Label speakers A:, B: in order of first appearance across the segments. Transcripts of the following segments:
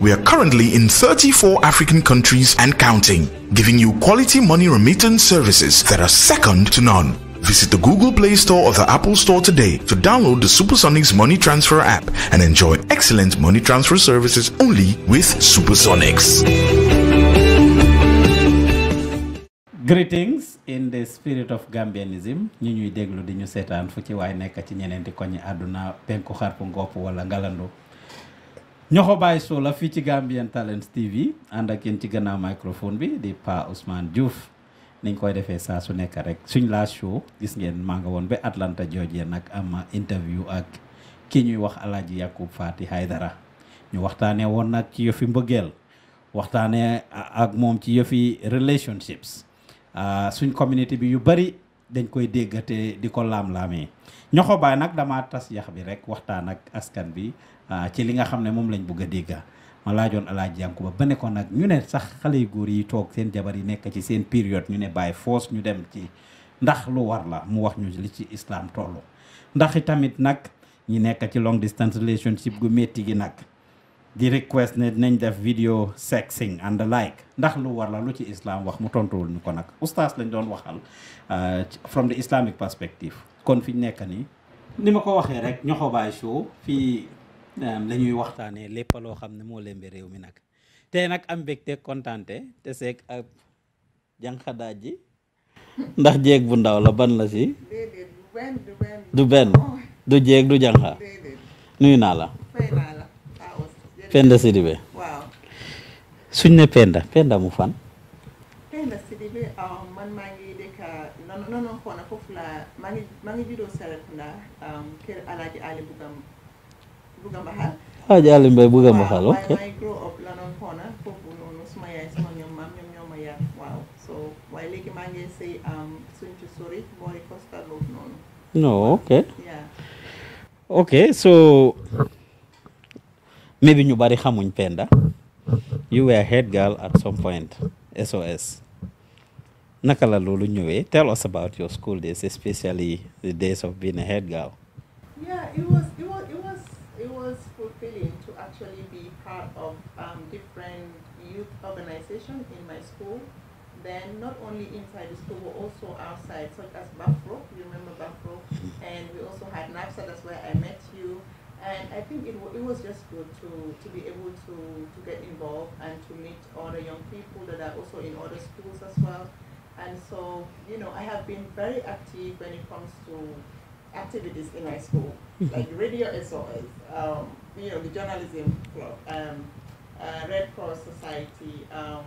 A: we are currently in 34 African countries and counting, giving you quality money remittance services that are second to none. Visit the Google Play Store or the Apple Store today to download the Supersonics Money Transfer app and enjoy excellent money transfer services only with Supersonics.
B: Greetings in the spirit of Gambianism ñu ñuy déglu di ñu seetaan fu ci waay nekk ci ñeneenti koñi àdduna penku wala ñoxo Baye Sow la fii ci Gambian Talents TV ànd ak yéen ci gannaaw microphone bi di Pa Ousmane Diouf niñ koy defee saa su nekk rek suñ laa show gis ngeen maa nga woon ba Atlanta Georgia nag am interview ak ki ñuy wax Alaaji Yakub Fatty Haidara ñu waxtaanee woon nag ci yëfi mbëggeel waxtaanee ak moom ci yëfi relationships ah, suñ communauté bi yu bari dañ koy déggate di ko laam-laamee ñoxo baay nag damaa tas yax bi rek waxtaan ak askan bi ah, ci li nga xam ne moom lañ bëgg a dégga ma laajoon alaaji Yankuba ba ne ko nag ñu ne sax xale yu góor yi toog seen jabar yi nekk ci seen période ñu ne bàyyi foos ñu dem ci ndax lu war la mu wax ñu li ci islam tollu ndax tamit nag ñi nekk ci long distance relationship gu métti gi nag di request ne nañ def video sexing and the like ndax lu war la lu ci islam wax mu tontuwul ñu ko nag oustaz lañ doon waxal ah, from the islamic perspective kon fi ñu nekk nii ni ma ko waxee rek ñoxo Show fii euh, la ñuy waxtaanee lépp loo xam ne moo lembe réew mi nag tey nag am mbégte kontaante te seeg ak jànqadaaj ji ndax jéeg bu ndaw la ban la si du benn du oh. jég du jànqa nuyu naa la Penda Sidibe suñ ne Penda Penda mu fan
A: maa um, Alaaji Ali Bugam Bugam Baxal.
B: Alaaji Ali Mbay Bugam Baxal ok waaye may
A: grow up London Corner foofu noonu suma yaay suma ñoom maam ñoom ñoo ma waaw so waaye léegi maa ngi um, sëy suñ ci sori boori Costa Loop noonu.
B: non ok. ok so maybe ñu bari xamuñ Penda. you were a head girl at some point SOS. naka tell us about your school days especially the days of being a head girl. yeah it was it was it
A: was it was fulfilling to actually be part of um, different youth organizations in my school. Then not only inside the school but also outside, such as Bafro. You remember Bafro, mm-hmm. and we also had NAPSA. That's where I met you. And I think it, it was just good to, to be able to, to get involved and to meet other young people that are also in other schools as well. And so, you know, I have been very active when it comes to activities in my school, mm-hmm. like Radio SOS, um, you know, the Journalism Club, um, uh, Red Cross Society, um,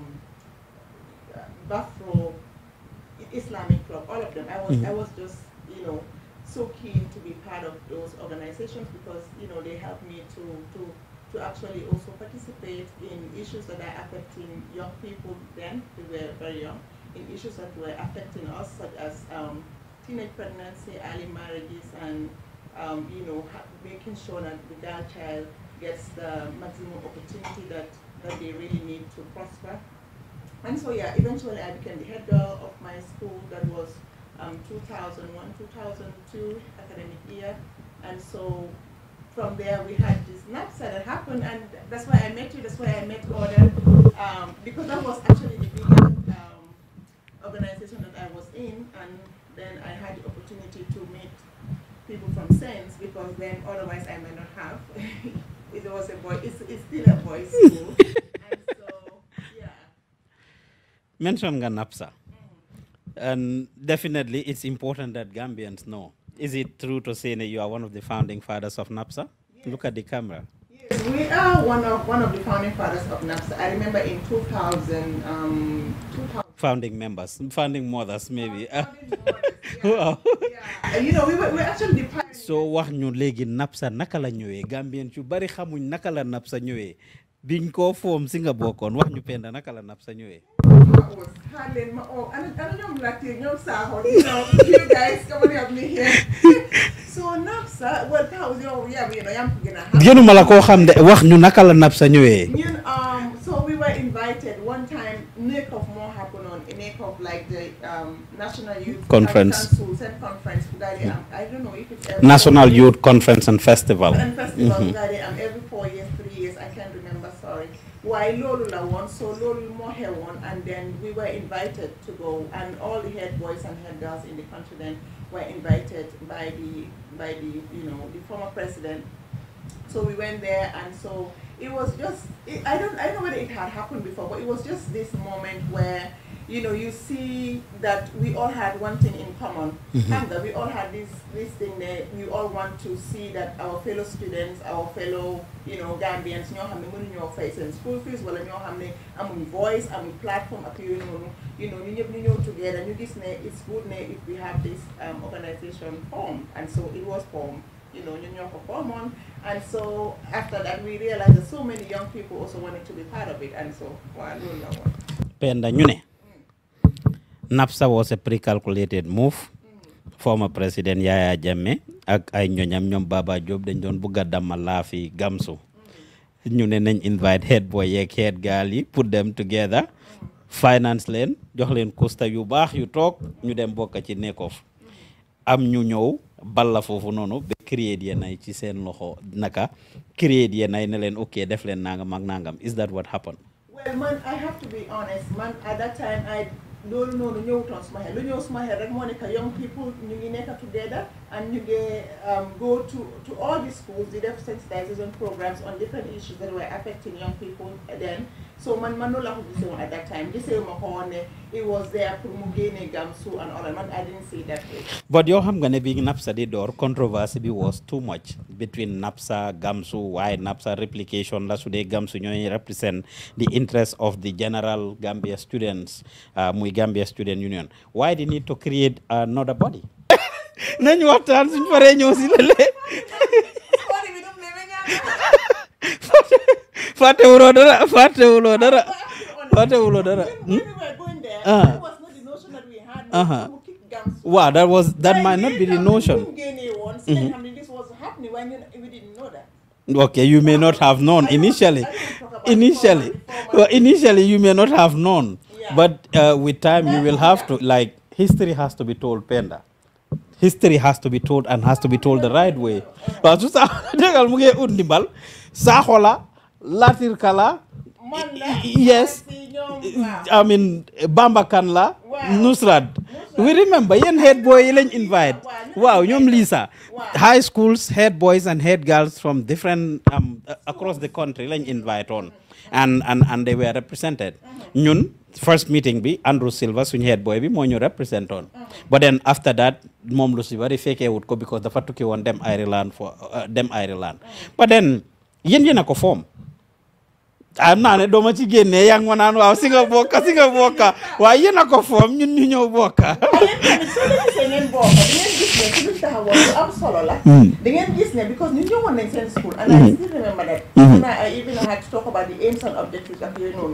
A: Bafro, Islamic Club, all of them. I was, mm -hmm. I was just, you know, so keen to be part of those organizations because, you know, they helped me to, to, to actually also participate in issues that are affecting young people then, they were very young in issues that were affecting us, such as um, teenage pregnancy, early marriages, and um, you know, making sure that the girl child gets the maximum opportunity that, that they really need to prosper. And so, yeah, eventually I became the head girl of my school. That was um, 2001, 2002 academic year. And so from there we had this NAPSA that happened, and that's why I met you, that's why I met Gordon, um, because that was actually the biggest. Um, organization that I was in, and then I had the opportunity to meet
B: people from SENS because then otherwise I may not have. it was a boy, it's, it's still a boys' school. so, yeah. Mention Ganapsa. Mm. And definitely, it's important that Gambians know. Is it true to say that you are one of the founding fathers of NAPSA? Yes. Look at the camera.
A: Yes, we are one of one of the founding fathers of NAPSA. I remember in 2000, um,
B: 2000 founding members, founding mothers, maybe. So, wax ñu NAPSA naka la Gambien yu bari xamuñ NAPSA ñëwee biñ koo foom si nga wax ñu penda naka NAPSA ñëwee. gënuma la koo xam de wax ñu NAPSA ñëwee.
A: Um, so we were invited one time
B: National Youth Conference. conference hmm. I don't know if it's National Youth Conference and Festival. And festival mm
A: -hmm. every four years, three years, I can't remember, sorry. Why Lolula won, so Lolul Mohe won, and then we were invited to go, and all the head boys and head girls in the country then were invited by the, by the, you know, the former president. So we went there, and so it was just, it, I don't, I don't know whether it had happened before, but it was just this moment where you know, you see that we all had one thing in common. Mm -hmm. that we all had this, this thing that we all want to see that our fellow students, our fellow, you know, Gambians, you know, how many your face and school fees, well, you know, how many, how many voice, how many platform appearing, you know, you know, together, you this, it's good if we have this um, organization formed. And so it was formed you know, New York Hormone. And so after that, we realized that so many
B: young people also wanted to be part of it. And so, well, I don't know. NAPSA was a pre-calculated move former president Yaya Jammeh ak ay ñoñam ñoom Baba Diop dañ doon bugg a damma laafi gamsu ñu ne nañ invite head boy yeeg head gaal yi put them together finance leen jox leen costa yu baax yu toog ñu dem bokk ci nekkof am ñu ñëw balla foofu noonu ba créer yenn ay ci seen loxo naka créer ye ay ne leen ok def leen nangam ak nangam is that what happened
A: loolu noonu ñëwutoon suma xel lu ñëw suma xel rek moo nekk young people ñu ngi nekk together and ñu ngi um, go to to all the schools di def sensitization programs on different issues that were affecting young people then so man man loolu laa at that time gisee ma ko woon it was there pour mu génne Gamsu and
B: all yoo xam nga ne bi NAPSA di door controversy bi was too much between NAPSA Gamsu waaye NAPSA replication lasu de dee Gamsu ñooy represent the interest of the general Gambia students uh, muy Gambia Student Union why they need to create another body. nañu waxtaan suñ paree ñëw si lële. fàttewuloo dara fàttewuloo dara fàttewuloo dara hmm? ah waaw uh-huh. that was that might not be the notion mm-hmm. okay you may not have known initially initially you may not have known but uh, with time you will have to be told Penda history has to be told and has to be told the right way waaw su sa dégal mu ngi ut Latir Kala. Bamba Kan la. Nusrat we remember yéen head boy yi lañ invite. waaw ñoom Lisa. high schools head boys and head girls from different um, uh, across the country lañ invite on. and and and they were represented. Uh-huh. ñun first meeting bi Andrew Silva suñu head boy bi moo ñu represent on. Uh-huh. but then after that moom lu si bari fekkee wut dafa tukki woon dem Ireland for uh, dem Ireland. Uh-huh. but then yéen yéen a ko am naa dooma ci génnee yaa ngi ma naan waaw si bokka si bokka waaye yéen foom ñun ñu ñëw bokka hmm.
A: hmm. am hmm. solo la seen school and I still remember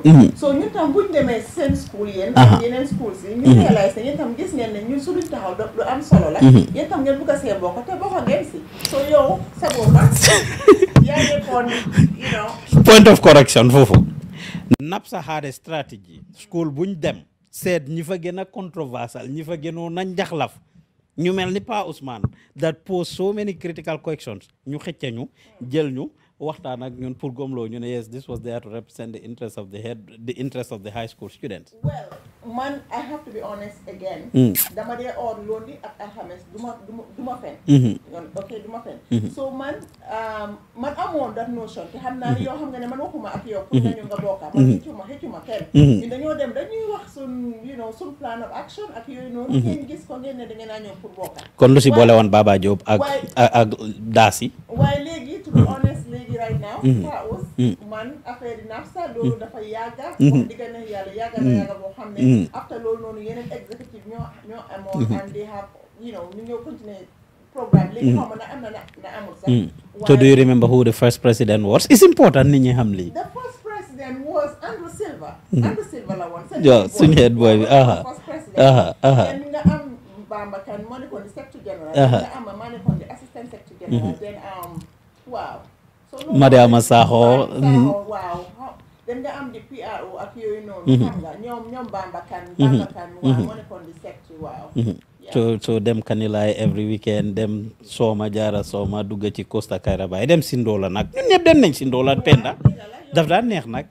A: that so ñun tam buñ demee seen school yéen tam ngeen ne ñun bokka te bokka ngeen si so yow
B: sa bokka point of correction foofu. NAPSA had a strategy school buñ dem seet ñi fa gën a controversial ñi fa gënoon njaxlaf ñu mel ni Pa Ousmane that pose so many critical questions ñu xëcce ñu jël ñu. waxtaan ak ñun pour gomloo ñu ne yes this was there to represent the interest of the high school students.
A: man I have to be honest again. Hmm. dama dee or lundi ak alxames du ma fen. so man amoon that notion te xam naa mm-hmm. yoo xam nga ne man waxuma ak yow. pour mm-hmm. nga ñu nga bokka man mm-hmm. xëccuma xëccuma kenn. ñun dañoo dem dañuy wax sun plan of action ak yooyu noonu. ngeen gis ko ngeen ne da ngeen a kon lu si boole woon Baba Jobe ak daasi. waaye léegi to be honest right now. Mm-hmm. Faa Ouz. Mm-hmm. man affaire yi naaf sax loolu mm-hmm. dafa yàgga. wax dëgg na yàlla yàgga na yàgga boo xam ne. après loolu noonu yeneen exécutive ñoo ñoo amoon. and they have you know ñu ñoo continuer programme léegi xaw ma na am na na amul
B: sax. so do you remember who the first president was it's important nit ñi xam lii.
A: the first president was Andrew
B: Silva. Andrew Silva la woon. waaw suñu head boy bi aha aha aha. Bamba kan moo nekkoon di secretary general. nga am ma nekkoon di assistant secretary general. then um waaw. Mariama Sakho mm-hmm.
A: dem mm-hmm. nga
B: so mm-hmm. dem Kanilai every weekend dem Sooma jaara Sooma dugg ci Costa Karabay dem Sindola nag ñun ñëpp dem nañ Sindola Penda daf daan neex nag.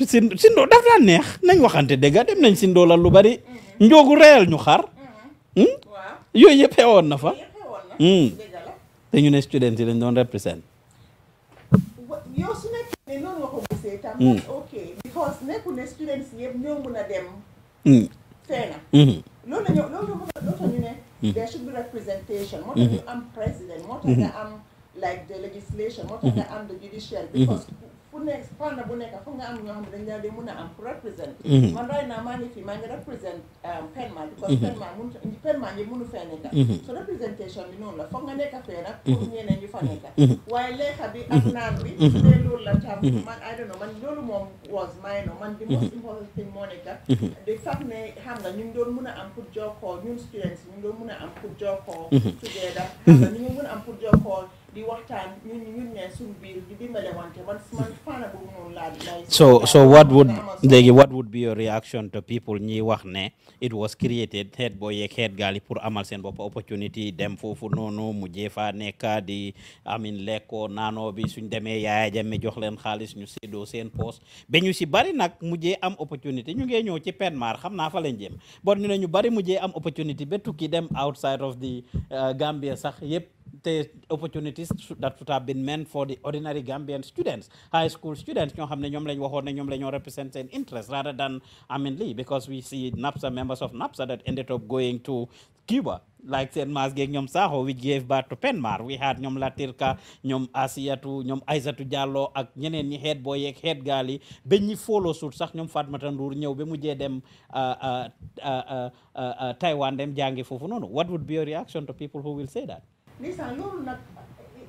B: Sindola daf daan neex nañ waxante dëgg dem nañ Sindola lu bari. njoogu reyal ñu xar. yooyu yëpp nafa na fa. te ñu ne student doon represent.
A: yow su nekkee ne noonu nga ko gisee tam mm. ok because nekkul ne students yëpp ñoo mun a dem mm. feena mm-hmm. loolu la ñu loolu la loolu la ñu ne mm-hmm. there should be representation moo tax ñu mm-hmm. am président moo tax nga am like the legislation moo tax nga am the judiciary because ku nekk fànn bu nekk foog nga am ñoo xam ne dañ laa dee mun a am pour représenter. Mhm. man right now maa ngi fi maa ngi represent euh, PENMA. because mhm. PENMA mun PENMA ñi munu fee mhm. so représentation bi noonu la foog nga nekk fee nag. pour ñeneen ñu fa nekk. waaye lekka bi ak naan bi. tey loolu la tam man I don't know man loolu moom was may no man di most important thing moo nekk. di sax ne xam nga ñu doon mun a am pour jokkoo ñun students ñu ngi
B: doon mun a am pour jokkoo. together di waxtaan ñun ñun ne suñu biir di dimbale wante man so what would léegi what would be your reaction to people ñi wax ne it was created xeet boo yeeg xeet gaali pour amal seen bopp opportunity dem foofu noonu mu jeefaa nekka di amin lekkoo naanoo bi suñ demee yaaya jamme jox leen xaalis ñu séddoo seen poos ba ñu si bari nag mujjee am opportunity ñu ngee ñëw ci penmar xam naa fa lañ jëm bon ñu ne ñu bari mujjee am opportunity ba tukki dem outside of the uh, Gambia sax yëpp the opportunities that would have been meant for the ordinary Gambian students, high school students, ñoo xam ne ñoom lañ waxoon ne ñoom la interest rather than Amin Lee because we see NAPSA members of NAPSA that ended up going to Cuba like Sen Masge Nyom Saho, we gave birth to Penmar. We had Nyom Latirka, Nyom asia to Nyom to jalo, ak nyene ñi head boy ak head gali ba ñi follow suit sax ñoom Fatmata Ndour ñëw ba mujjee dem uh, uh, uh, Taiwan dem jàngi foofu noonu. What would be your reaction to people who will say that?
A: these are not,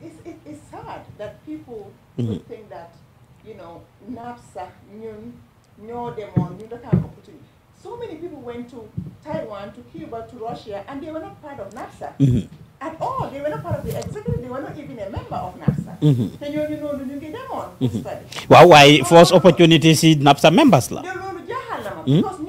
A: it's, it, it's sad that people mm -hmm. think that, you know, NAPSA, NUN, NYO, Demon, opportunity. So many people went to Taiwan, to Cuba, to Russia, and they were not part of NAPSA.
B: Mm -hmm. At all, they were not part of the executive. They were not even a member of NAPSA. Mm-hmm. Then you know, you get them on mm-hmm. study. Well, why first opportunity opportunities in NAPSA members lah?
A: Hmm? Because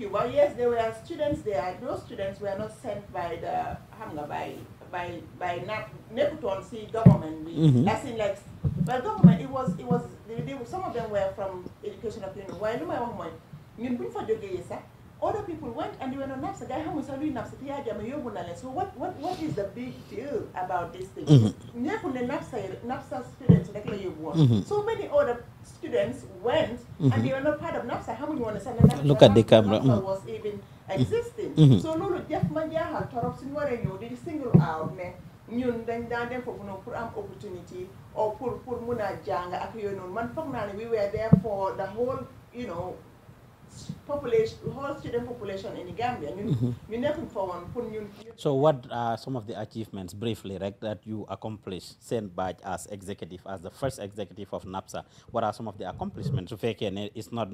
A: Cuba, yes, there were students there. Those students were not sent by the Hanga by by by not Neputon see government. We, mm-hmm. As in like, but government it was it was they, they, some of them were from education opinion. Why no matter what, you bring for jogging, sir. Other people went and they were on NAPSA. Guy, how much are we NAPSA? Here, they are So what what what is the big deal about this thing? Neputon mm-hmm. NAPSA NAPSA students like you want. Mm-hmm. So many other students went mm-hmm. and they were not part of NAPSA. How many want to send NAPSA? Look at the camera. NAPSA mm-hmm. was even existing mm-hmm. so loolu def ma jaaxal torop suñu waree ñëw di single out ne ñun dañ daan dem foofu noonu pour am opportunity or pour pour mun a jàng ak yooyu noonu man foog naa ne we were there for whole you know population, whole student population in Gambia. Mm -hmm. So
B: what are some of the achievements, briefly, right, that you accomplished, sent back as executive, as the first executive of NAPSA? What are some of the accomplishments? It's not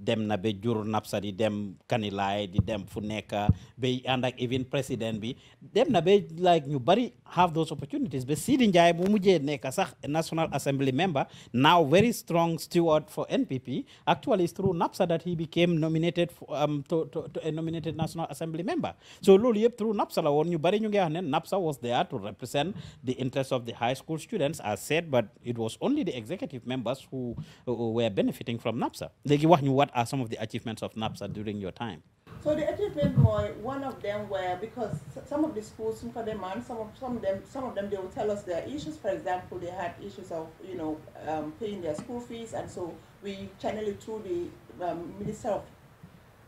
B: them na be NAPSA, them kanilai, di them funeka, be and like even president be, them na like you bari have those opportunities. But sidin jai bumuje neka National Assembly member, now very strong steward for NPP, actually it's through NAPSA that he became nominated nominated um, to, to, to a nominated National Assembly member. So loolu through NAPSA la woon ñu NAPSA was there to represent the interests of the high school students as said but it was only the executive members who were benefiting from NAPSA. léegi wax what are some of the achievements of NAPSA during your time.
A: So the achievement boy, one of them were because some of the schools, some of them, and some of some of them, some of them, they will tell us their issues. For example, they had issues of you know um, paying their school fees, and so we channeled it through the um, Minister of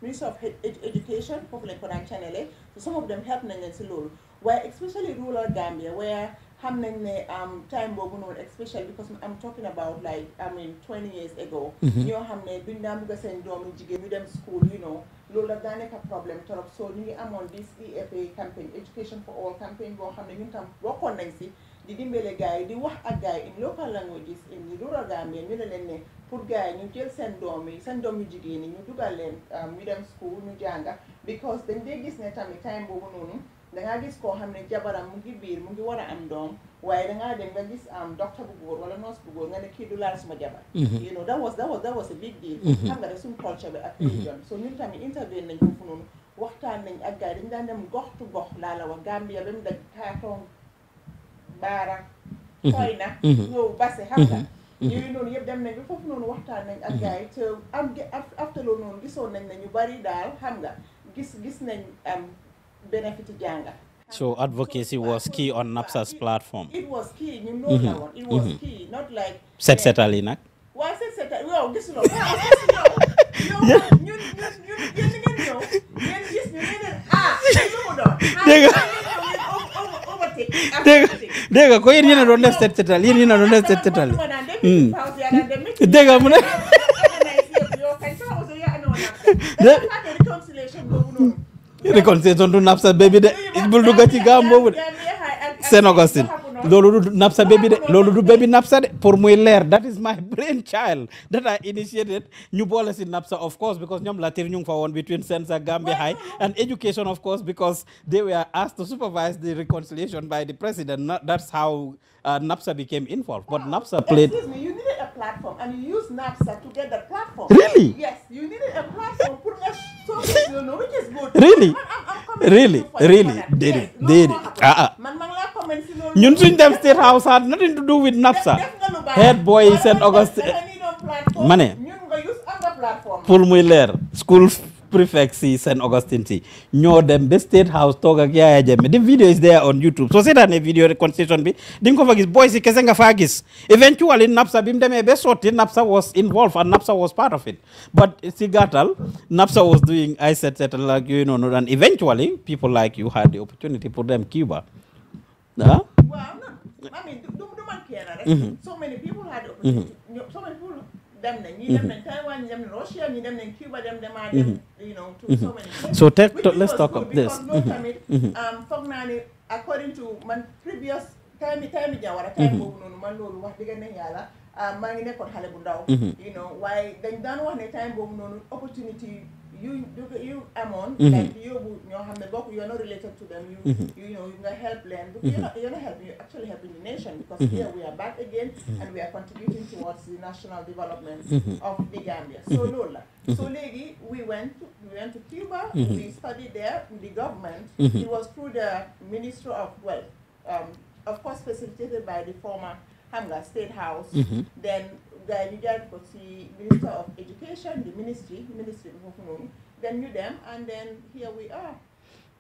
A: Ministry of Ed Education foofu lañ ko so some of them help nañ leen si especially rural Gambia where xam nañ um, time boobu especially because I'm talking about like I mean twenty years ago mm-hmm. you know, ne duñ daan bugg a seen doomi jigéen ñu school you know loolu daf daa nekk problème trop so ñu ngi amoon this EFA campaign Education for All campaign boo xam ne ñun tam bokkoon nañ di dimbale gars yi di wax ak gars yi in local languages in rural Gambia ñu ne leen ne pour gars yi ñu jël seen doom yi seen doom yu jigéen yi ñu dugal leen um, ñu dem school ñu jànga because dañ dee gis ne tamit time boobu noonu dangaa gis koo xam ne jabaram mu ngi biir mu ngi war a am doom waaye dangaa dem nga gis am um, docteur bu góor wala nurse bu góor nga ne kii du laal suma jabar mm-hmm. you know that was that was that was a big deal mm-hmm. xam nga mm-hmm. so ñun tamit intervenir nañ foofu noonu waxtaan nañ ak gars yi daan dem gox tu gox laa la wax Gambia ba mu daj carton
B: baara xooy mhm. na
A: mhm. mhm. noonu yëpp dem nañ ba foofu noonu waxtaan nañ ak gars yi te noonu gisoon nañ ne ñu bari daal xam nga gis gis benefit jànga
B: So advocacy was key on NAPSA's platform. It
A: was key. You know that It was key. Not like.
B: Set setali nak.
A: Why set setali? Well, this is not. Yeah. You you you you you you you you you you you you you you you you you
B: dega ko yen yena ɗon nder settetal yen yena ɗo nder settetal dega mune réconciliation du nafsat bebi de ɓulɗugaci gam bobu de sénogostine loolu du napsa baby de loolu du baby napsa de pour muy leer that is my brain child that I initiated ñu boole si napsa of course because ñoom latir ñu ngi fa woon between Sensa Gambia High and education of course because they were asked to supervise the reconciliation by the president that's how Uh, NAPSA became involved. NAPSA played.
A: a platform and you used NAPSA to get the platform. Really? Yes, you needed a platform. Put a Really?
B: really? Really? Did it? Did it? uh dem state house had nothing to do with NAPSA. head boy St. Augustine. ma ne. pour school prefects yi Saint Augustine si ñoo dem ba State House toog ak Yaya Jammeh the video is there on YouTube soo seetaanee video reconstitution bi di nga ko fa gis boy si eventually NAPSA bi mu demee ba sotti NAPSA was involved and NAPSA was part of it but si gàttal NAPSA was doing I said like yooyu noonu and eventually people like you had the opportunity pour dem Cuba ah.
A: dem nañ ñii dem mhm. nañ Taiwan ñii dem nañ Russia ñii dem nañ Cuba dem damaa dem mhm. you know to mhm. so many so teg let's talk of this tamit um, foog according to man previous time time Jawara time boobu noonu man loolu wax dëgg na yàlla um, maa ngi nekkoon xale bu ndaw you know waaye dañ daan wax ne time boobu noonu opportunity you, yu amoon. Mm-hmm. like yóbbu ñoo xam ne bokk you are not related to them. you mm-hmm. you know you nga help leen. Mm-hmm. you are you know help you actually helping the nation. because here we are back again. and we are contributing towards the national development. of the Gambia. so Lola, so lady, we went to we went to Cuba. we studied there with the government. it was through the Minister of well um, of course facilitated by the former Hamga State House. then. The Nigerian jaar minister of education the ministry ministry bi then knew them,
B: and then here we are.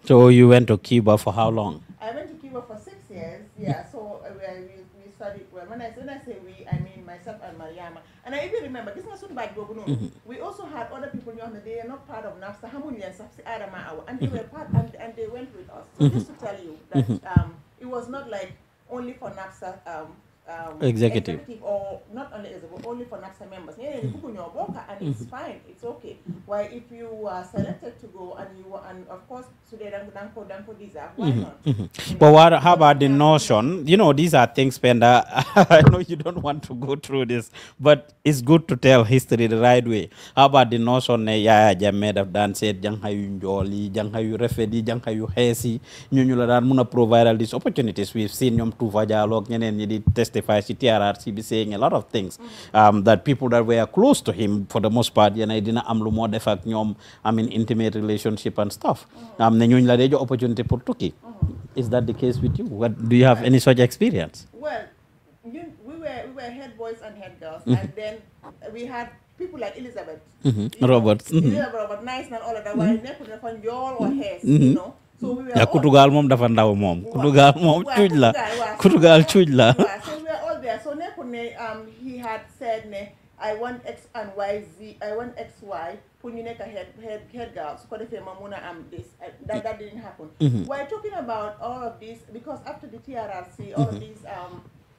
B: so you went to Cuba for how long. I went to Cuba for six
A: years yeah so uh, we uh, we studied well when I when I say we I mean myself and Mariama and I even remember this was not by boobu mm-hmm. we also had other people You know, they are not part of NAFSA xamuñu leen sax Adama and they were part and, and they went with us. so just to mm-hmm. tell you that mm-hmm. um, it was not like only for NAFSA. Um, um, executive. executive or not only executive, only for NAPSA members. and
B: it's mm-hmm. fine, it's okay. Why if you are selected to go and you and of course today Danko Danko Diza, why mm-hmm. not? Mm -hmm. but what how about the notion? You know, these are things Penda I know you don't want to go through this, but it's good to tell history the right way. How about the notion ne yaya jamme made of seet janxa yu njool yi janxa yu rafet yi janxa yu ñu ñu la daan mun provide all these opportunities we've seen ñoom Toufa Diallo ak ñeneen ñi di test Stefan TRRC be saying a lot of things um, that people that were close to him for the most part yeneen dina did not moo def ak ñoom I mean intimate relationship and stuff am na ñooñu la dee jox opportunity for Turkey. is that the case with you what do you have any such experience
A: well you, we were we were head boys and head girls mm-hmm. and then we had people like Elizabeth
B: mm -hmm. Roberts mm -hmm. Elizabeth
A: Robert Nice and all of that mm -hmm. were never or hairs mm-hmm. you know yaa kutugaal
B: moom dafa ndaw moom kutugaal moom cuuj la kutugaal cuuj la
A: so nekkul ne um, he had said ne I want X and Y Z I want pour ñu nekk head head head girl su ko defee ma mun a am this that didn't happen. Mm-hmm. waaye talking about all of this because after the TRRC all of mm-hmm. these. Um,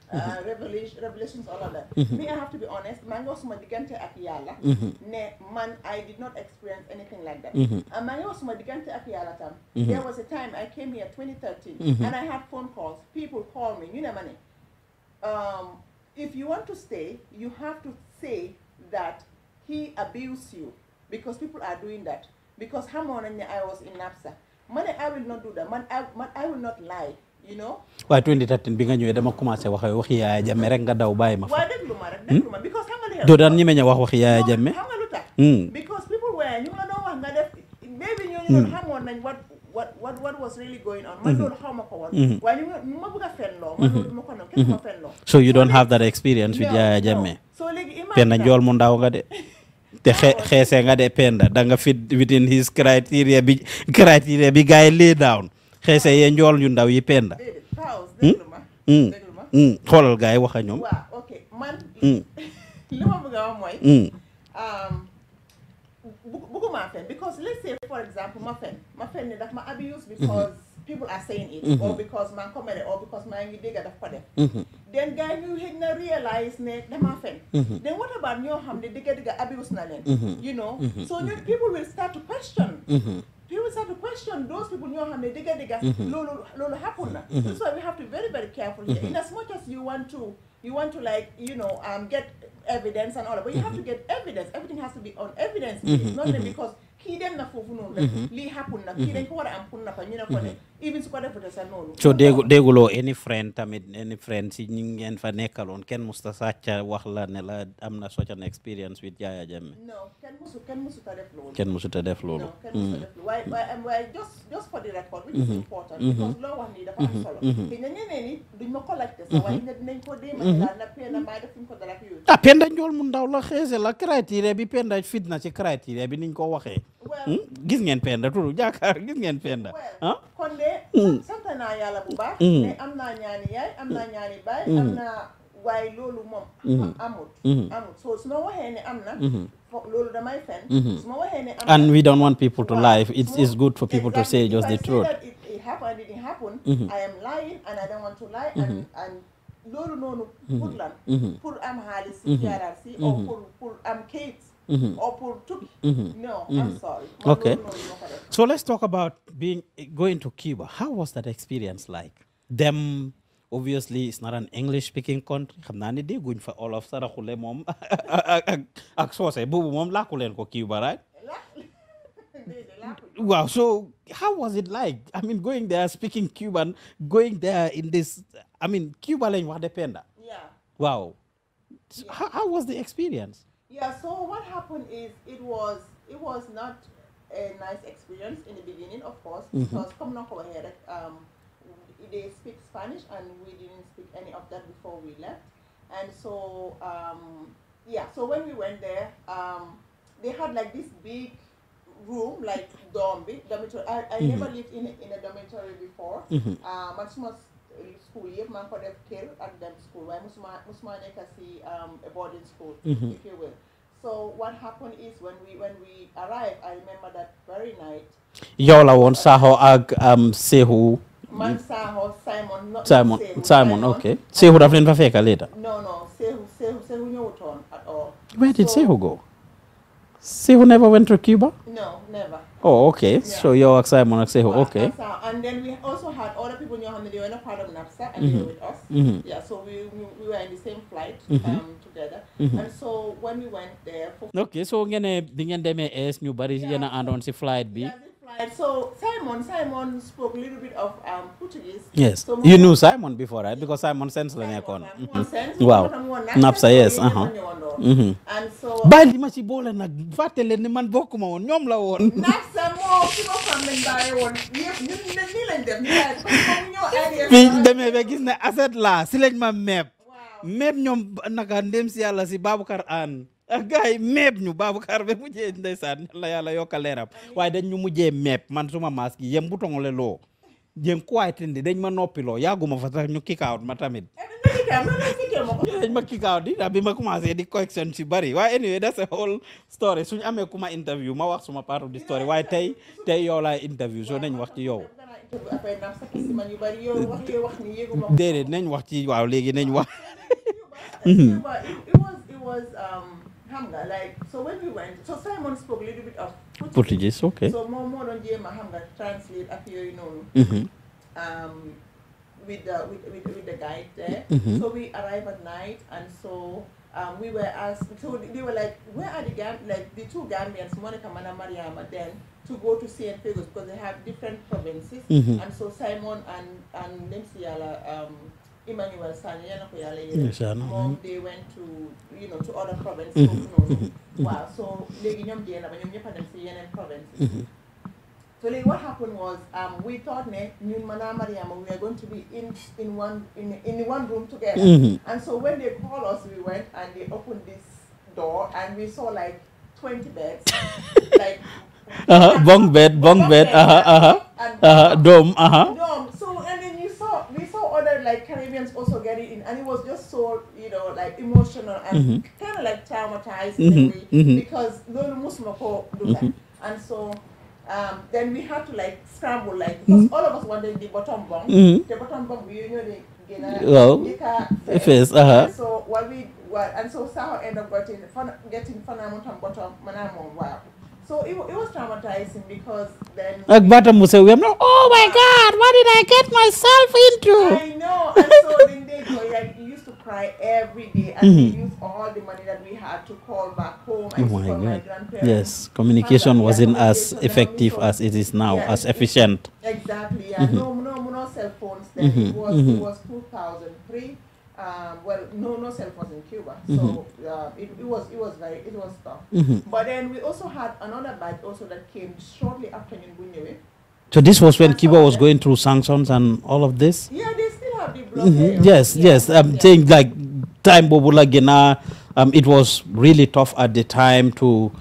A: Uh, mm-hmm. revelation revelations all of that mm-hmm. me i have to be honest mango suma digante ak yalla mm-hmm. ne man i did not experience anything like that mm-hmm. and mango suma digante ak yalla tam there was a time i came here 2013 mm-hmm. and i had phone calls people call me you know money um, if you want to stay you have to say that he abused you because people are doing that because hamon i was in napsa money i will not do that man i, man, I will not lie you
B: 2013 bi nga ñëwé dama commencé wax yaaya jàmme rek nga daw bayima fa do hmm? because daan wax yaaya jàmme
A: because people were ñu nga doon wax nga def maybe ñu ñun xamoon nañ what what what what was really
B: going on man loolu xaw
A: ma ko woon ñu ma bëgg a fen man ma ko
B: noonu ma hmm. hmm. so you don't have that experience with yaaya ya, jàmme so like imagine pen njool mu ndaw nga de te xé nga de penda da nga fit within his criteria bi criteria bi gay lay down xeese yee njool yu ndaw yi penda eh, hmm? hmm? Hmm? xoolal gars yi wax a ñoom waaw
A: ok man a um, bugguma fen because let's say for example ma fen ma fen ni daf ma abuse because people are saying it or because maa ko mere or because maa ngi dégg daf ko def then gars yi ñu na realize ne dama fen then what about ñoo xam ne dëgg dëgg abuse na leen you know so then people will start to question you always have to question those people know how they get mm-hmm. lolo happen. That's mm-hmm. mm-hmm. why we have to be very, very careful here. In as much as you want to you want to like, you know, um get evidence and all that, but you have to get evidence. Everything has to be on evidence. It's not because kiden na fofu li happen na kiden ko wara am kunna pa nyina ko even ko defute so déggu
B: any friend tamit any friend si ñi ngeen fa nekkaloon kenn musta sàcca wax la ne la am na such an experience with Yaya Jammeh
A: no kenn musu def loolu kenn musuta mm-hmm.
B: mm-hmm. mm-hmm. ah penda njool mu ndaw la xeese la criteria bi penda fit na ci criteria bi niñ ko waxee hmm? gis ngeen penda turu jàkkaar gis ngeen penda ah?
A: kon de. Mm. sant naa yàlla bu baax. Mm. mais am naa ñaani yaay am naa ñaani mm. baay. am naa waaye loolu moom. Mm-hmm. amul. amul mm-hmm. so su ma waxee ne am na.
B: Mm-hmm.
A: loolu damay fen.
B: su ma waxee ne am na. and we don't want people to lie it's it's good for people to say just the truth. it happened it happened. I am lying and I don't want to lie. and and
A: loolu noonu. pour lan. pour am xaalis si jaaraat si. pour pour am kayit.
B: mm-hmm. or Portuguese. Mm-hmm. No, mm-hmm. I'm sorry. okay. So let's talk about being going to Cuba. How was that experience like? Them obviously it's not an English speaking country. xam naa ne dégguñ fa olof saraxule moom ak ak soose boobu moom làkku ko Cuba right. wow so how was it like i mean going there speaking cuban going there in this i mean cuba language. yeah wow yeah. How, how was the experience
A: yeah. So what happened is it was it was not a nice experience in the beginning, of course, mm-hmm. because coming up here, um, they speak Spanish and we didn't speak any of that before we left, and so um, yeah. So when we went there, um, they had like this big room like dorm dormitory. I, I mm-hmm. never lived in a, in a dormitory before. Mm-hmm. Um, uh, much school yëpp maa ngi ko def kër ak school why must musuma musuma nekk
B: see um, a boarding school if mm-hmm. you will so what happened is when we when we arrived I remember that very night yow la woon Saho ak Sehu man Saho Simon not Simon Simon okay Sehu daf have been fekka later no no Sehu Sehu Sehu ñëwutoon at all where did Sehu go Sehu never went to Cuba no never Oh, okay. Yeah. So you're Aksai Monaxeho. okay. And then we also had other people in your family. They were not part of NAPSA and mm -hmm. they were mm-hmm. with us. Mm -hmm.
A: Yeah, so we, we, were in the same flight mm -hmm. um, together. Mm-hmm. And so when we went there.
B: Okay, so ngene bi ngeen demee es ñu bari yena andon ci flight bi.
A: right, so Simon,
B: Simon spoke a little bit of um, Portuguese. Yes. So you knew Simon before, right? Simon sends the nekon.
A: Napsa, yes. Uh huh. Mm-hmm. And so. Bali
B: masibola na man bokk on nyom la on. Napsa mo kilo kamen bae gis na asset la silen ma map. Map nyom naga ndem si ala si an. ah gars yi meeb ñu Baboucar ba mujjee ndeysaan la yàlla yokka leeram waaye dañ ñu mujjee meeb man suma maas gi yem bu tongole loo jéem kuwaay tindi dañ ma noppi loo yàgguma fa sax ñu kikaawut ma tamit eh, dañ ma kikaawut di da bi ma commencé di collection si bari waaye anyway that's a whole story suñu amee ku ma interview ma wax suma part of the story waaye tey tey yow laay interview soo nañ wax ci yow déedéet nañ wax ci waaw léegi nañ wax it
A: was it was um xam like so when we went so Simon spoke a little bit of
B: Portuguese okay
A: so more more on the a xam translate ak yooyu
B: noonu
A: um with the with, with, with the guide there mm -hmm. so we arrived at night and so um, we were asked so they were like where are the Gamb like the two Gambians Monica and Mariama then to go to St. Fergus because they have different provinces mm -hmm. and so Simon and and Nemsiala uh, um Emmanuel Sani yal na ko yàlla yéen moom they went to you know to other provinces foofu noonu waaw so léegi ñoom dee na ba ñoom ñëpp a dem si yeneen provinces mm-hmm. so like what happened was um, we thought ne ñun mana Mariama we are going to be in in one in, in one room together. Mm -hmm. And so when they called us, we went and they opened this door
B: and we saw like twenty beds, like. Uh -huh. bunk bed, bunk bed, bed, uh huh, uh huh, uh huh, dome, uh huh. Dome,
A: Caribbeans also get it in, and it was just so you know like emotional and mm -hmm. kind of like traumatized mm -hmm. in a way mm-hmm. because lolo do that, and so. Um, then we had to like scramble like mm-hmm. because all of us wanted the bottom bunk. Mm-hmm. The bottom bunk, we you know the Gina, well,
B: first, uh huh. so what we were, and so Saho ended up getting getting Fanamo and bottom Manamo. Wow. So it, it was traumatizing because then. Like bottom will say, "We are not. Oh my God! What did I get myself into?" I know. And so
A: then they go, yeah, we used to cry every day, and mm -hmm. we used all the money that we had to call back home. oh my God! My grandparents. Yes, communication wasn't yeah, as effective as it is now, yeah, as efficient. Exactly. Yeah. Mm -hmm. No, no, no
B: cell phones then. Mm -hmm. It mm-hmm,
A: was it mm-hmm. was 2003. Um, well, no, no self was in Cuba, so mm-hmm. uh, it, it, was it was very it was tough. Mm-hmm. But then we also had another batch also that came shortly after Nyungunyewe. So this was when and Cuba was
B: going through sanctions and all of this. Yeah, they still have the blockade. Mm-hmm. Yes, yeah. yes. I'm yeah. saying like time Bobula Gena, um, it was really tough at the time to.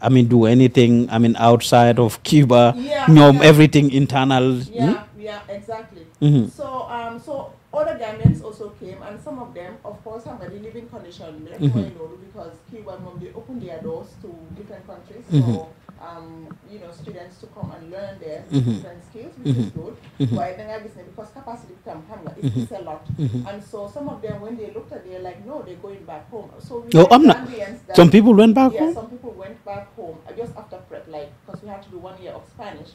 B: I mean, do anything. I mean, outside of Cuba, yeah, you know, everything internal. Yeah,
A: hmm? yeah, exactly. Mm-hmm. So, um, so other Ghanaians also came, and some of them, of course, under the living condition, mm-hmm. because Cuba, they opened their doors to different countries mm-hmm. for um, you know students to come and learn their mm-hmm. different skills, which is mm-hmm. good. But mm-hmm. then obviously, because capacity can hunger, it's, it's a lot, mm-hmm. and so some of them, when they looked at, it, they're like, no, they're going back home. So no, I'm not. That, some people went back yeah, home. some people went back home uh, just after prep, like because we had to do one year of Spanish.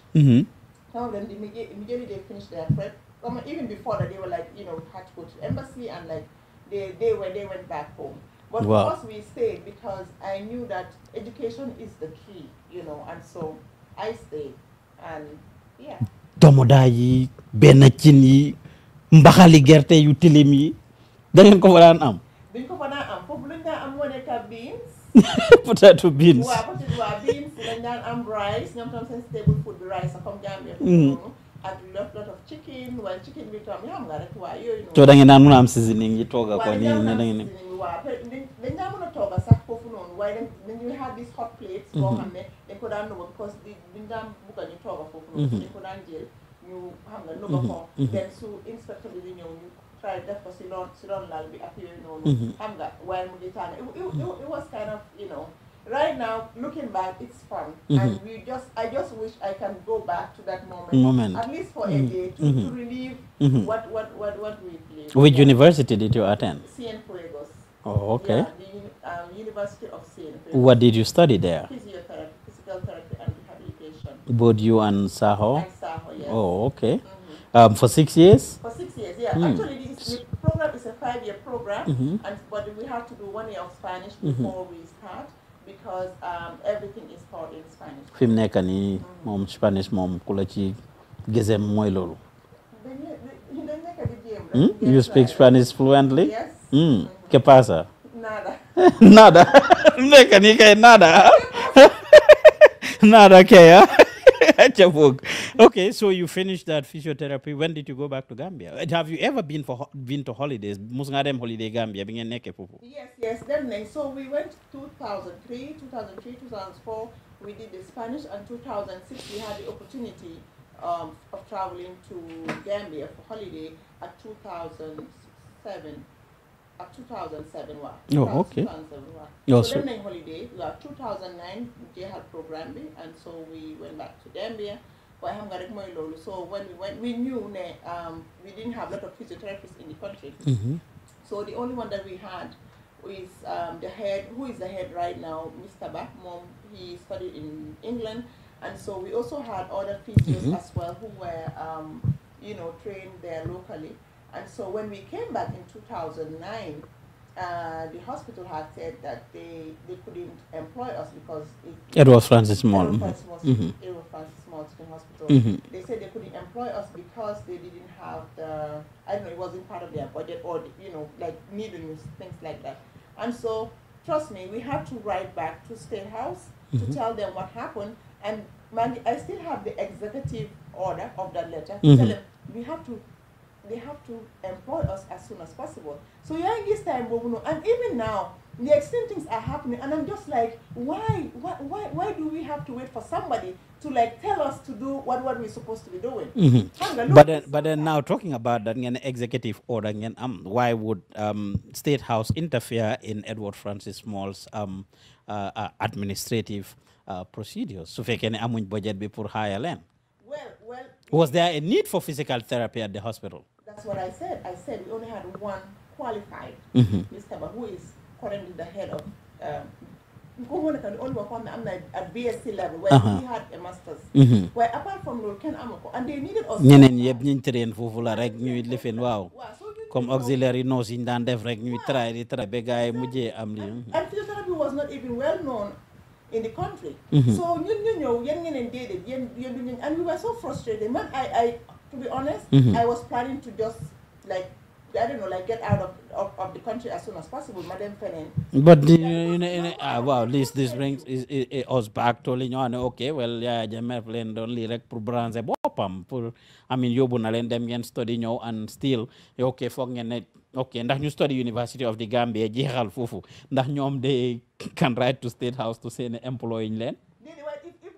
A: Some of them immediately, immediately they finished their prep um, even before that, they were like, you know, had to go to embassy and like they, they, were, they went back home. But wow. of course we stayed because I knew that education is the key, you know, and so I stayed.
B: And yeah. domoda benachini, benn cin gerte yu tilim yi da ngeen ko fa daan am
A: duñ ko fa am foofu luñ daan am moo beans
B: potato beans waaw potato beans dañ daan am rice ñoom tam seen stable food bi rice comme Gambia a lot lot of chicken waaye chicken bi tam xam nga rek waaye yooyu noonu. to da daan mën a am seasoning yi tooga ko nii ne da ngeen waaw dañ daan a tooga
A: sax foofu noonu waaye dañuy have these hot plates boo xam ne daan nuba because duñ daan a ñu tooga foofu noonu dañ ko daan jël ñu xam nga nuba ko then su inspecteur bi di ñëw ñu try def ko si loon si loon lal bi ak noonu xam nga waaye mu ngi tànn it was kind of you know right now, looking back, it's fun, mm -hmm. and mm-hmm. we just, I just wish I can go back to that moment, moment. at least for mm -hmm. a mm-hmm. day, to, mm -hmm. to mm-hmm. relieve what, what, what, what we played. Which yeah.
B: university did you attend?
A: CN Fuegos.
B: Oh, okay. Yeah, the
A: um, University of CN. Fuegos. What did you study there? Physiotherapy, physical therapy, and rehabilitation.
B: Both you and Saho. And Saho, yes. Oh, okay. Um, for six years? For
A: six years, yeah. Hmm. Actually, this program is a five-year
B: program, and but we have to do one year of Spanish before we start. because um, everything fi mu nekk nii moom Spanish moom ku la ci gisem mooy loolu. Hmm? you speak Spanish fluently. yes. Hmm. ¿Qué nii kay nada. nada kay ah. Okay, so you finished that physiotherapy. When did you go back to Gambia? Have you ever been for been to holidays? Musngadem holiday Gambia, being neke
A: Yes, yes, definitely. so we went 2003, 2003, 2004. We did the Spanish, and 2006 we had the opportunity um, of traveling to Gambia for holiday at 2007. Uh, 2007 wa. Oh, okay. 2007 Oh, so, then holiday, we uh, 2009, they had programmed and so we went back to Gambia. But So when we went, we knew that um, we didn't have a lot of physiotherapists in the country. Mm -hmm. So the only one that we had is um, the head, who is the head right now, Mr. Bachmom. He studied in England. And so we also had other physios mm -hmm. as well who were, um, you know, trained there locally. And so when we came back in 2009, uh, the hospital had said that they, they couldn't employ us because it, was Francis Small. was Francis, mm-hmm. Small Hospital. Mm-hmm. They said they couldn't employ us because they didn't have the I don't know it wasn't part of their budget or you know like needles things like that. And so trust me, we had to write back to State House mm-hmm. to tell them what happened. And man, I still have the executive order of that letter. Mm-hmm. Tell them we have to they have to employ us as soon as possible. So yeah, this time, and even now, the extreme things are happening, and I'm just like, why, why, why, why do we have to wait for somebody to like tell us to do what what we're supposed to be doing?
B: Mm -hmm. but then, but then now talking about that an executive order, again, um, why would um, State House interfere in Edward Francis Small's um, uh, uh, administrative uh, procedures? So, can budget be pour higher land. Well, well. Was there a need for physical therapy at the hospital?
A: That's what I said. I said we only had one qualified mm -hmm. Mr. who is currently the head of. Um, only one I'm at BSc level where uh -huh. he had a master's. Mm -hmm. Where apart from Lurken Amoko, and they needed us. ñeneen
B: yëpp ñu train foofu la rek ñuy lifin waaw. comme auxiliary nurse in ñu daan def rek ñuy try di try ba gars am li. and
A: physiotherapy was not even well known in the country. Mm -hmm. so you know, you yéen ngeen déedéet yéen and we were so frustrated man I I to be honest, mm -hmm. I was planning to just like I don't know, like get out of, of, of the country as soon as possible, Madam Fenen.
B: But you know, you know, you know ah, this this brings is, is, is us back to you know, okay, well, yeah, Jamel Fenen only like pour branze eh, bopam I mean you na len dem ngeen study ñew and still eh, okay fokk ngeen eh, ne okay ndax you study University of the Gambia jeexal fofu you ñom they can write to state house to say employee in len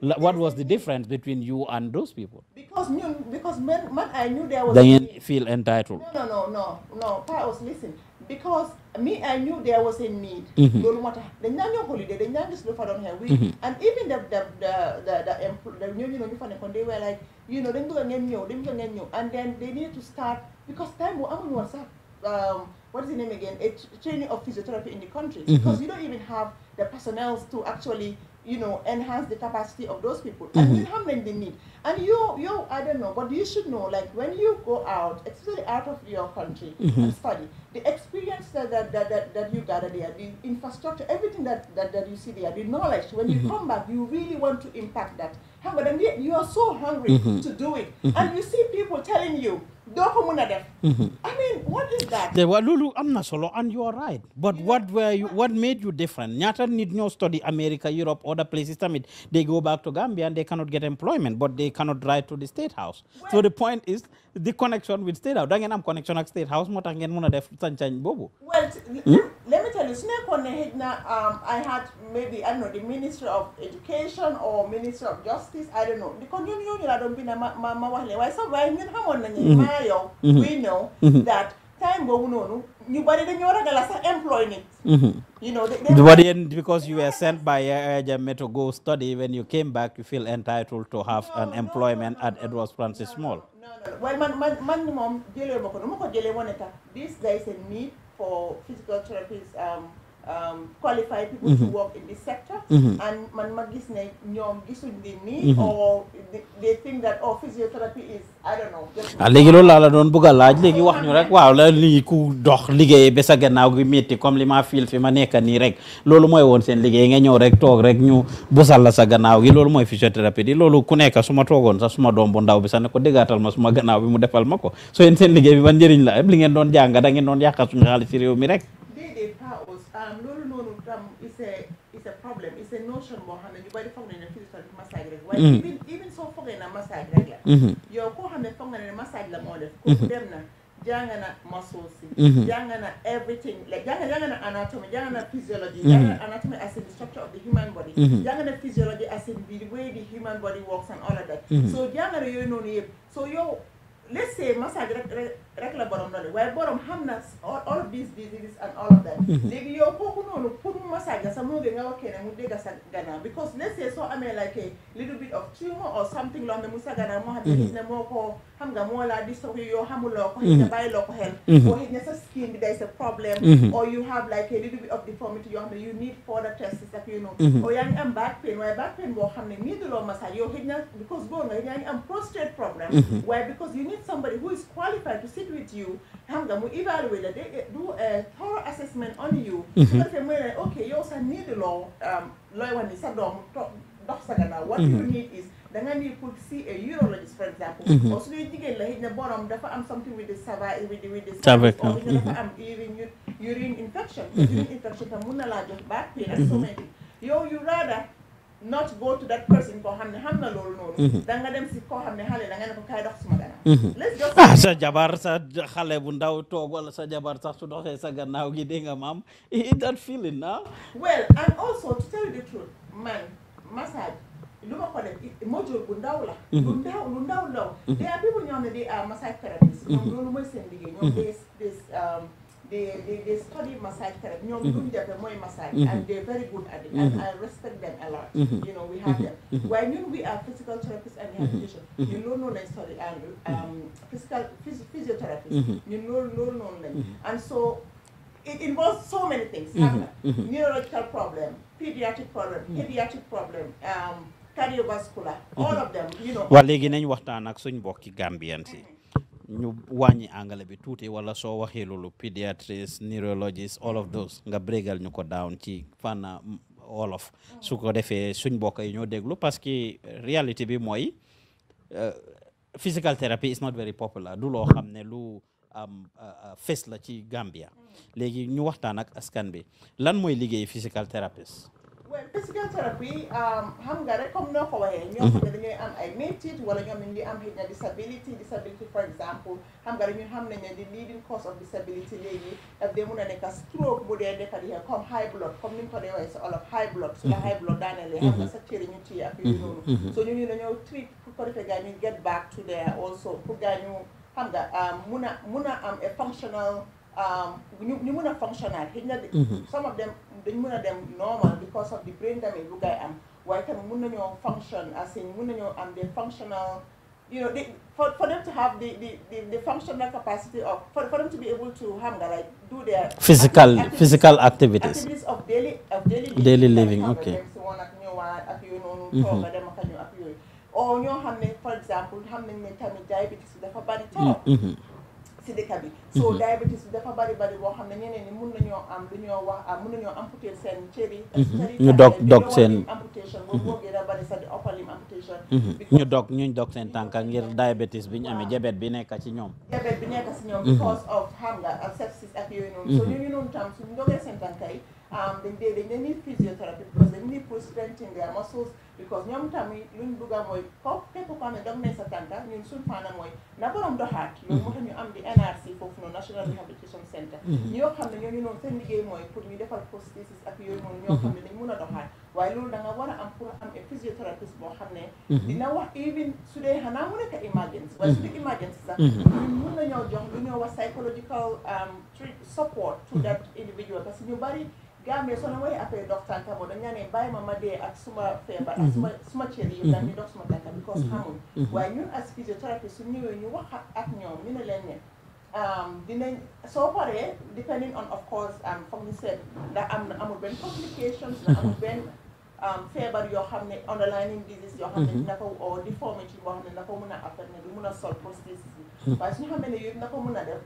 B: what was the difference between you and those people?
A: Because me, because man, I knew there was. They
B: feel entitled.
A: No, no, no, no, no. I was listening because me, I knew there was a need. Mm-hmm. No matter the Nyanyo holiday, the Nyanyo Slofa down here, we, mm-hmm. and even the the the the the, the, new, you know, Newfoundland, they were like, you know, they do a Nyanyo, they do a Nyanyo, and then they need to start because time I'm on WhatsApp. Um, what is the name again? A training of physiotherapy in the country mm -hmm. because you don't even have the personnel to actually you know, enhance the capacity of those people mm-hmm. and implement the need. And you, you, I don't know, but you should know, like when you go out, especially out of your country mm-hmm. and study, the experience that, that, that, that, you gather there, the infrastructure, everything that, that, that you see there, the knowledge, when mm-hmm. you come back, you really want to impact that. But you are so hungry mm-hmm. to do it. Mm-hmm. And you see people telling you, Mm-hmm. I mean what is that.
B: were Lulu, i am not solo and you are right. but what were you what made you different ñaata need ñoo study America Europe other places they go back to Gambia and they cannot get employment but they cannot drive to the state house. so the point is. di connection with state house da ngeen am connection ak state house moo tax ngeen mën a def sañ-sañ boobu.
A: well hmm? let me tell you su nekkoon ne xëy na um, I had maybe I don't know the ministry of education or ministry of justice I don't know because ñooñu ñooñu laa doon bind ma ma ma wax leen waaye sax waaye ñun xamoon nañu. Mm-hmm. maa yow. Mm-hmm. we know mm-hmm. that time boobu noonu ñu bari dañoo ragal a sax employ nit. you know they.
B: because you were sent by Yahya Jammeh to go study when you came back you feel entitled to have an employment at Edward Francis Small.
A: Well, man man man moom jëlee ko nu ko jëlee moo ne this guy is in need for physical therapists. Um, um, qualified people mm -hmm. to mm-hmm.
B: work loolu laa doon bëgg laaj oh, léegi wax ñu rek waaw la lii ku dox liggéey ba sa gannaaw gi métti comme li ma fiil fi ma nekk nii rek loolu mooy woon seen liggéey nga ñëw rek toog rek ñu busal la sa gi loolu mooy physiothérapie di loolu ku nekk su ma toogoon sax su ma doom bu ndaw bi sa ne ko déggaatal ma suma gannaaw bi mu defal ma ko so yéen seen liggéey bi ban njëriñ la li ngeen doon jàng da ngeen doon yàqa suñu xaalis ci réew mi rek
A: Um, loolu no. tam is a is a problem It's a notion boo xam ne ñu bari foog nañ ne physical bi massage rek waaye even even soo mm-hmm. foogee mm-hmm. na massage rek la yow koo xam ne foog nga ne massage la moo def kooku dem na jàng na muscles yi jàng na everything like jàng jàng na anatomy jàng na physiology mm-hmm. jàng na anatomy as in the structure of the human body jàng na physiology as in the way the human body works and all of that so jàng na yooyu noonu yëpp so yow let's say massage rek rek rek la borom loolu waaye borom xam all of these diseases and all of that. Mm-hmm. léegi yow kooku noonu pour mu masaaga sa moo gën nga wakkee mu dégg sa gannaaw because let's say soo amee like a little bit of tumor or something loo xam mu sa gannaaw moo xam ne mm-hmm. gis ne moo ko xam nga moo laa di soog yoo xamuloo ko mm-hmm. xëy loo ko xel boo xëy na sa skin bi there is a problem or you have like a little bit of deformity yoo xam ne you need further tests ak you know or yaa am back pain waaye back pain boo ne nii du loo massage yow xëy na with you xam nga mu évaluer la day do a thorough assessment on you su ko defee mooy la ok yow sa need i looy wax ni sa doom dox sa gannaaw what you mm-hmm. need is da nga nii pour see a urologist for example or su dee jigéen la xëy na borom dafa am something with the cervix with the with the cervix or mm-hmm. dafa am urine urine infection mm-hmm. urine infection tam mun na laa jox baat pain ak so many yow you rather not go koo xam ne xam na loolu noonu. Mhm. da nga dem si koo xam ne xale da nga ne ko kaay dox
B: mhm. ah, sa jabar sa xale bu ndaw toog wala sa jabar sax su doxee sa gannaaw gi dégg nga maam that feeling na. Ah. well
A: ma ko bu ndaw la. Mhm. lu ndaw lu ndaw ndaw. are people ñoo xam ne they are loolu mooy seen liggéey ñoom des they, they, they study massage therapy. Mm -hmm. more massage, mm -hmm. and very good at it. Mm-hmm. And I respect them a lot. Mm we are physical therapists and rehabilitation, you know, no, like, sorry, and so involves so many things neurological problem, pediatric problem, pediatric problem. Um,
B: cardiovascular, all of them, you know. Well, again, you ñu wàññi angale bi tuuti wala soo waxee loolu pediatrice neurologist all of those nga brégal ñu ko down ci fànna wolof su ko defee suñ mbokk yi ñoo déglu parce que réalité bi mooy euh, physical therapy is not very popular du loo xam ne lu am euh, fes la ci Gambia mm. léegi ñu waxtaan ak askan bi lan mooy liggéey physical therapist
A: well physical therapy xam um, nga rek comme noo ko waxee ñoo mhm. xam am ay métit am disability disability for example xam nga rek ñun xam nañ ne di leading cause of disability léegi daf dee mun a stroke bu dee defar yi comme high blood comme ni ko dee waxee sa high blood so la mhm. high blood daanelee xam nga mhm. sa cëri ñu téye ak so ñu ñu dañoo treat pour to defee get back to there also pour gars ñu xam nga um, mun muna, am a functional um, ñu mun muna functional some of them dañ mën a dem normal because of the brain damage bu gay am waaye tamit mun nañoo function as in mun nañoo am des functional you know they, for, for them to have the, the, the, the functional capacity of for, for them to be able to have like do their physical activities, physical activities activities of daily of daily living, daily living okay mm-hmm. or ñoo xam ne for example xam nañ ne tamit diabetes dafa bari trop mm-hmm. Mhm. Ah,
B: mhm. ñu dog dog mhm. ñu dog ñu dog seen tànka ngir diabetes bi ñu amee jabet bi nekk ci ñoom jabet bi nekk ci ñoom because
A: of xam noonu tam suñu dogee seen tànka yi um, they, they, they need physiotherapy because they need to strengthen their muscles because ñoom tamit lu ñu bugg a mooy kooku képp koo xam ne dog nañ sa tànka ñun suñu faana mooy na borom doxaat mm-hmm. loolu moo tax ñu am di NRC foofu noonu National Rehabilitation Center mm-hmm. ñoo xam ne ñooñu noonu seen liggéey mooy pour ñu defal prosthesis ak yooyu noonu ñoo xam ne dañ mun a doxaat waaye loolu da nga war a am pour am a physiotherapist boo xam ne mm-hmm. dina wax even su dee xanaa mu nekk emergency waaye su dee emergency sax ñun mun nañoo jox lu ñoo wax psychological um, support to that individual parce que ñu bari Gambie soo demee affaire dox tànka boo dañu ne bàyyi ma ma dee ak suma feebar. ak suma suma cër yi daal di dox suma tànka because xamul. waaye ñun as physiotherapist su ñëwee ñu wax ak ñoom ñu ne leen ne dinañ soo paree depending on of course comme ni seet ndax am na amul ben complications. ndax amul benn feebar yoo xam ne underlying disease yoo xam ne dina ko or deformity boo xam ne dina ko mën a affecté ne du mun a sol prosthesis yi. waaye su ñu xamee ne yooyu dina a def.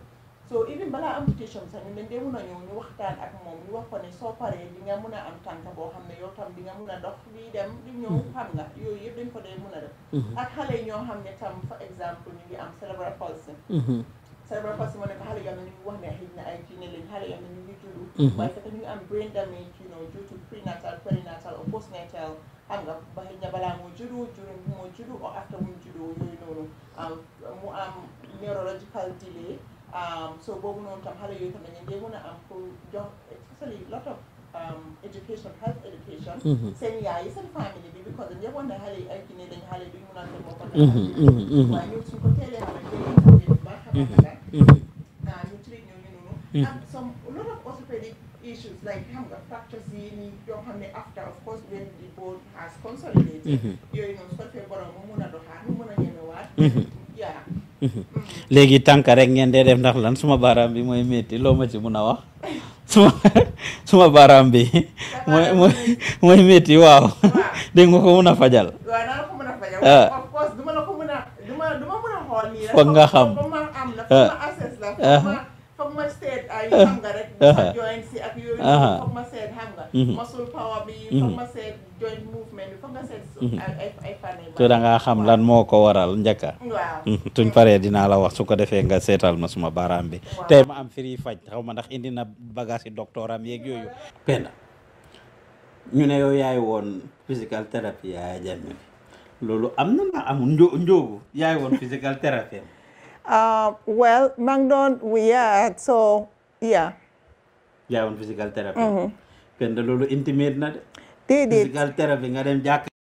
A: so even balaa amputation sax ñu dañ dee mun a ñëw ñu waxtaan ak moom ñu wax ko ne soo paree di mun a am tànk boo xam ne yow tam di mun a dox di dem di ñëw mm-hmm. xam nga yooyu yëpp dee mun a def mm-hmm. ak xale yi ñoo xam ne tam for exemple ñu ngi am cerebral palsy mm-hmm. cerebral palsy moo nekk xam ne ñu ngi wax ne xale yoo xam ne ñu ngi juddu waaye fekk ñu ngi am brain damage you know due to prenatal perinatal or postnatal xam nga ba xëy na balaa moo juddu jur Um, so boobu noonu tam xale yooyu tam dañu dee mën a am pour jox especially lot of um, education health education mm-hmm. seen yaay seen family bi because dañ dee woon ne xale yi ay kii ne dañ xale duñ mën a dem boppam waaye ñun suñ ko teelee xam ne dañuy bu baax xam nga mm-hmm. Ah, ñu treat ñooñu noonu am mm-hmm. some lot of orthopedic issues like xam nga fractures yi nii yoo xam ne after of course when the bone has consolidated yooyu noonu su ko defee borom mu mun a doxaat mu mun a
B: ñemewaat yeah legi tànk rek ngeen dee def ndax lan suma baram bi mooy métti loo ma ci mun wax suma suma baram bi mooy mooy mooy métti waaw nga ko mun a fajal. waaw foog nga xam. foog
A: ma seet ay ah. xam nga rek. Ah. ma join si ak yooyu. Ah. foog ma seet xam nga. muscle mhm. power bi. Mhm. foog ma joint
B: mhm. nga xam lan moo ko waral njëkka waaw suñ mhm. paree dinaa la wax su ko defee nga seetal ma suma baaraam bi tey ma am firi faj xaw ma ndax indi na bagage yi docteur am yeeg yooyu penda ñu ne yaay woon physical therapy yaaya am na ma amul njó yaay woon physical therapy penda loolu intimate na de déedéet physical thérapie nga dem jàkk